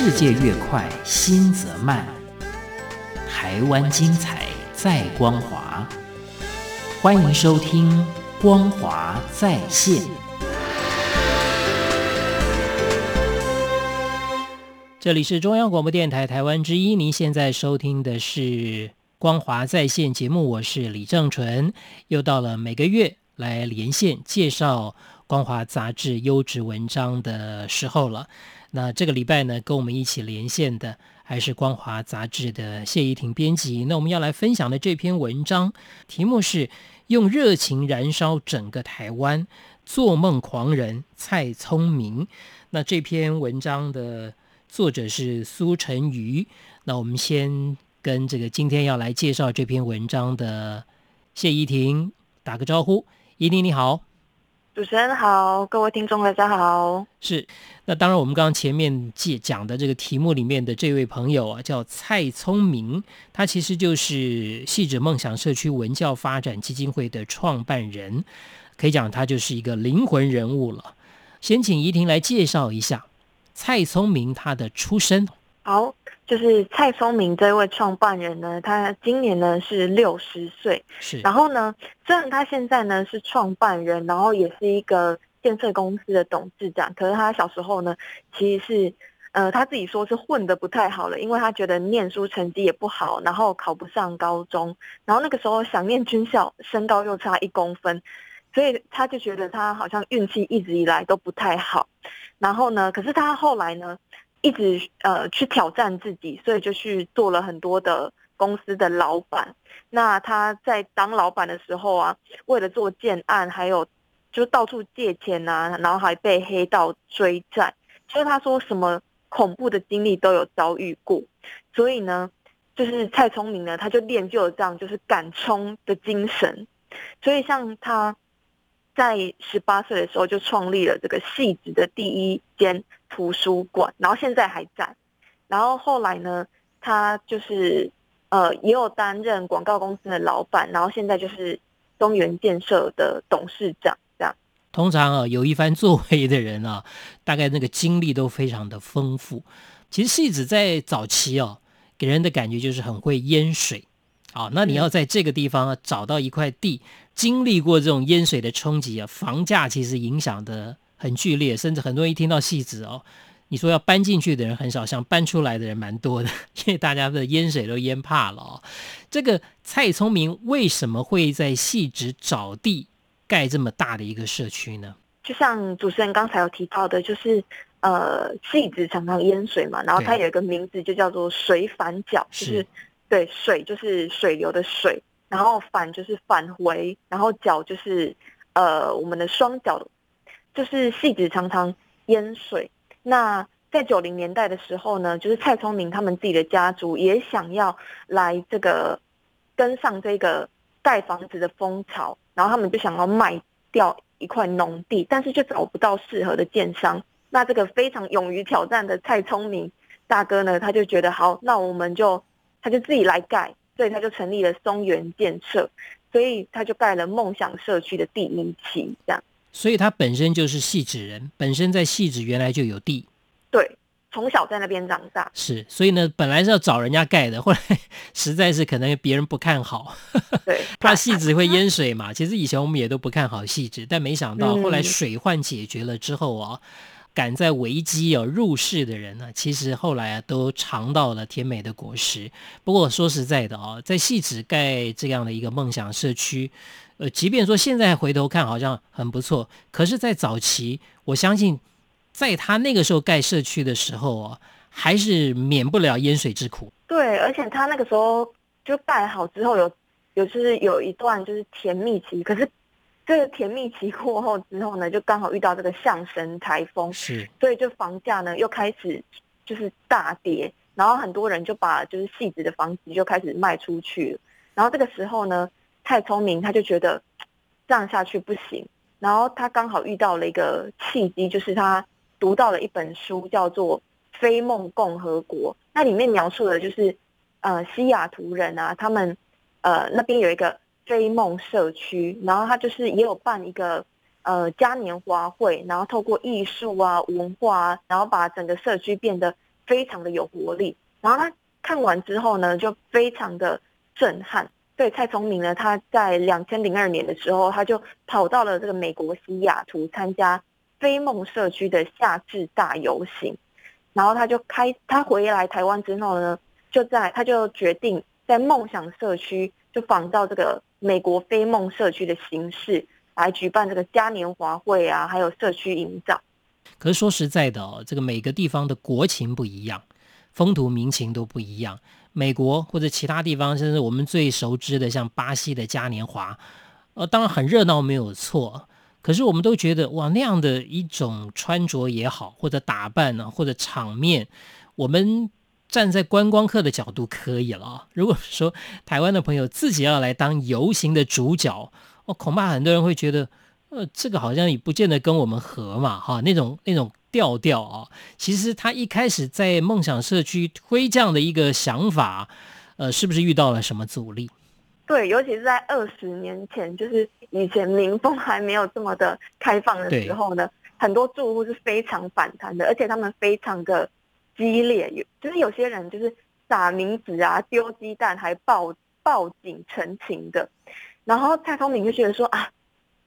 世界越快，心則慢。台灣精彩，在光華。歡迎收聽《光華在線》。這裡是中央廣播電台台灣之音，您現在收聽的是《光華在線》節目。我是李正淳，又到了每個月來連線介紹《光華》雜誌優質文章的時候了。那這個禮拜呢，跟我們一起連線的還是光華雜誌的謝依婷編輯。那我們要來分享的這篇文章，題目是《用熱情燃燒整個台灣》，做夢狂人蔡聰明。那這篇文章的作者是蘇晨瑜。那我們先跟這個今天要來介紹這篇文章的謝依婷打個招呼，依婷你好。主持人好，各位聽眾大家好。是，那當然，我們剛剛前面介講的這個題目裡面的這位朋友啊，叫蔡聰明，他其實就是汐止夢想社區文教發展基金會的創辦人，可以講他就是一個靈魂人物了。先請怡婷來介紹一下蔡聰明他的出身。好，就是蔡聰明這位創辦人呢，他今年呢是六十歲。是然後呢，雖然他現在呢是創辦人，然後也是一個建設公司的董事長，可是他小時候呢，其實是，呃，他自己說是混得不太好了，因為他覺得念書成績也不好，然後考不上高中，然後那個時候想念軍校，身高又差一公分，所以他就覺得他好像運氣一直以來都不太好。然後呢，可是他後來呢？一直呃去挑戰自己，所以就去做了很多的公司的老闆。那他在當老闆的時候啊，為了做建案，還有就到處借錢吶、啊，然後還被黑道追債，所以他說什麼恐怖的經歷都有遭遇過。所以呢，就是蔡聰明呢，他就練就了這樣就是敢衝的精神。所以像他。在十八歲的時候就創立了這個汐止的第一間圖書館，然後現在還在。然後後來呢，他就是呃，也有擔任廣告公司的老闆，然後現在就是中原建設的董事長。這樣，通常啊，有一番作為的人啊，大概那個經歷都非常的豐富。其實汐止在早期哦、啊，給人的感覺就是很會淹水。好，那你要在這個地方、啊嗯、找到一塊地，經歷過這種淹水的衝擊啊，房價其實影響得很劇烈，甚至很多人一聽到汐止哦，你說要搬進去的人很少，想搬出來的人蠻多的，因為大家的淹水都淹怕了哦。這個蔡聰明為什麼會在汐止找地蓋這麼大的一個社區呢？就像主持人剛才有提到的，就是呃，汐止常常淹水嘛，然後它有一個名字就叫做水返腳，對就是。對，水就是水流的水，然後返就是返回，然後腳就是，呃，我們的雙腳。就是汐止常常淹水。那在九零年代的時候呢，就是蔡聰明他們自己的家族也想要來這個跟上這個蓋房子的風潮，然後他們就想要賣掉一塊農地，但是卻找不到適合的建商。那這個非常勇於挑戰的蔡聰明大哥呢，他就覺得好，那我們就。他就自己來蓋，所以他就成立了松原建設，所以他就蓋了夢想社區的第一期，這樣。所以他本身就是汐止人，本身在汐止原來就有地，對，從小在那邊長大。是，所以呢，本來是要找人家蓋的，後來實在是可能別人不看好，呵呵對，怕汐止會淹水嘛。其實以前我們也都不看好汐止，但沒想到後來水患解決了之後啊、哦。嗯敢在危機哦入市的人呢，其實後來啊都嚐到了甜美的果實。不過說實在的哦，在汐止蓋這樣的一個夢想社區，呃，即便說現在回頭看好像很不錯，可是，在早期，我相信在他那個時候蓋社區的時候啊、哦，還是免不了淹水之苦。對，而且他那個時候就蓋好之後有有就是有一段就是甜蜜期，可是。這個甜蜜期過後之後呢，就剛好遇到這個象神台風，是，所以就房價呢又開始就是大跌，然後很多人就把就是蝕值的房子就開始賣出去了。然後這個時候呢，蔡聰明他就覺得這樣下去不行，然後他剛好遇到了一個契機，就是他讀到了一本書，叫做《飛夢共和國》，那裡面描述的就是呃西雅圖人啊，他們呃那邊有一個。菲夢社區，然後他就是也有辦一個呃嘉年華會，然後透過藝術啊、文化啊，然後把整個社區變得非常的有活力。然後他看完之後呢，就非常的震撼。對蔡聰明呢，他在兩千零二年的時候，他就跑到了這個美國西雅圖參加菲夢社區的夏至大遊行，然後他就開他回來台灣之後呢，就在他就決定在夢想社區就仿照這個。美國非夢社區的形式來舉辦這個嘉年華會啊，還有社區營造。可是說實在的哦，這個每個地方的國情不一樣，風土民情都不一樣。美國或者其他地方，甚至我們最熟知的像巴西的嘉年華，呃，當然很熱鬧沒有錯。可是我們都覺得哇，那樣的一種穿着也好，或者打扮呢，啊，或者場面，我們。站在觀光客的角度可以了啊。如果說台灣的朋友自己要來當遊行的主角，哦，恐怕很多人會覺得，呃，這個好像也不見得跟我們合嘛，哈，那種那種調調啊。其實他一開始在夢想社區推這樣的一個想法，呃，是不是遇到了什麼阻力？對，尤其是在二十年前，就是以前民風還沒有這麼的開放的時候呢，對很多住戶是非常反彈的，而且他們非常的。激烈有，就是有些人就是撒冥紙啊，丟雞蛋，還報報警、陳情的。然後蔡聰明就覺得說啊，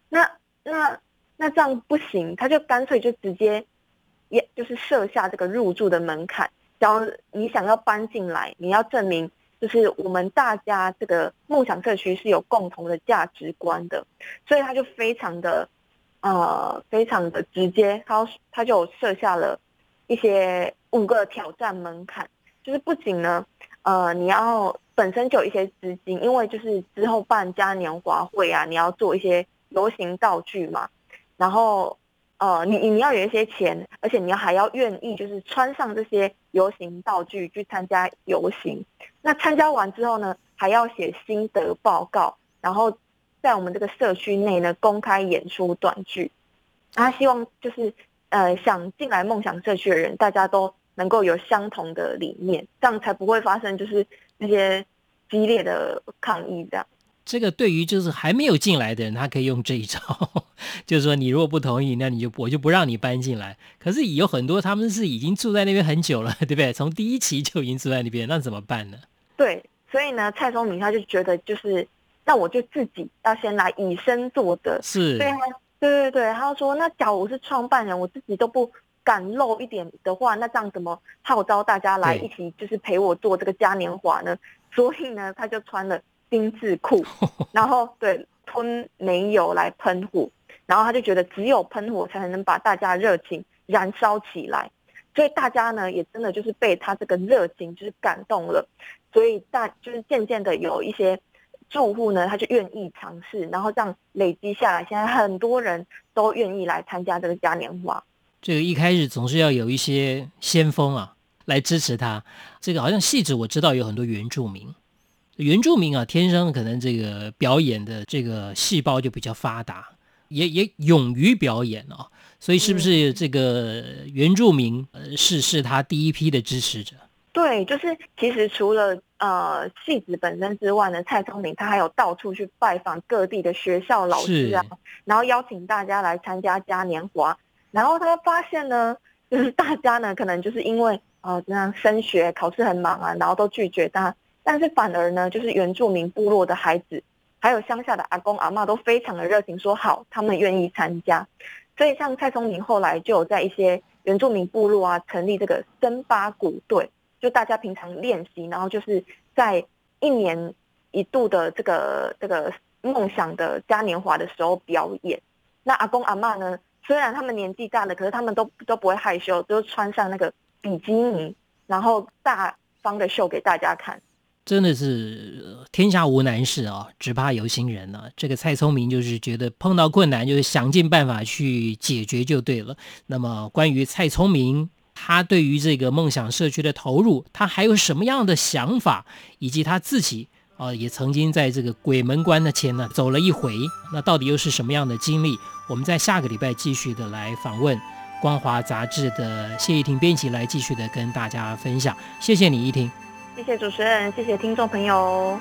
那那那這樣不行，他就乾脆就直接，也就是設下這個入住的門檻。然後你想要搬進來，你要證明就是我們大家這個夢想社區是有共同的價值觀的。所以他就非常的呃，非常的直接，他他就設下了一些。五個挑戰門檻，就是不僅呢，呃，你要本身就有一些資金，因為就是之後辦嘉年華會啊，你要做一些遊行道具嘛，然後，呃，你你要有一些錢，而且你要還要願意就是穿上這些遊行道具去參加遊行，那參加完之後呢，還要寫心得報告，然後在我們這個社區內呢公開演出短劇，他、啊、希望就是呃想進來夢想社區的人，大家都。能夠有相同的理念，這樣才不會發生就是那些激烈的抗議。這樣，這個對於就是還沒有進來的人，他可以用這一招， 就是說你如果不同意，那你就我就不讓你搬進來。可是有很多他們是已經住在那邊很久了，對不對？從第一期就已經住在那邊，那怎麼辦呢？對，所以呢，蔡松明他就覺得就是，那我就自己要先來以身作則。是，對對對對，他說那假如我是創辦人，我自己都不。敢露一點的話，那這樣怎麼號召大家來一起就是陪我做這個嘉年華呢？對所以呢，他就穿了丁字褲， 然後對，吞煤油來噴火，然後他就覺得只有噴火才能把大家的熱情燃燒起來，所以大家呢也真的就是被他這個熱情就是感動了，所以大就是漸漸的有一些住戶呢，他就願意嘗試，然後這樣累積下來，現在很多人都願意來參加這個嘉年華。這個一開始總是要有一些先鋒啊，來支持他。這個好像戲子我知道有很多原住民，原住民啊，天生可能這個表演的這個細胞就比較發達，也也勇於表演哦、啊。所以是不是這個原住民、嗯、呃是是他第一批的支持者？對，就是其實除了呃戲子本身之外呢，蔡聰明他還有到處去拜訪各地的學校老師啊，是然後邀請大家來參加嘉年華。然後他發現呢，就是大家呢，可能就是因為啊，這樣升學考試很忙啊，然後都拒絕他。但是反而呢，就是原住民部落的孩子，還有鄉下的阿公阿嬤，都非常的熱情，說好，他們願意參加。所以像蔡松明後來就有在一些原住民部落啊，成立這個森巴鼓隊，就大家平常練習，然後就是在一年一度的這個這個夢想的嘉年華的時候表演。那阿公阿嬤呢？雖然他們年紀大了，可是他們都都不會害羞，都穿上那個比基尼，然後大方的秀給大家看。真的是天下無難事啊，只怕有心人呢，啊。這個蔡聰明就是覺得碰到困難，就是想盡辦法去解決就對了。那麼關於蔡聰明，他對於這個夢想社區的投入，他還有什麼樣的想法，以及他自己？啊，也曾經在這個鬼門關的前呢走了一回，那到底又是什麼樣的經歷？我們在下個禮拜繼續的來訪問《光華》雜誌的謝依婷編輯，來繼續的跟大家分享。謝謝你，依婷。謝謝主持人，謝謝聽眾朋友。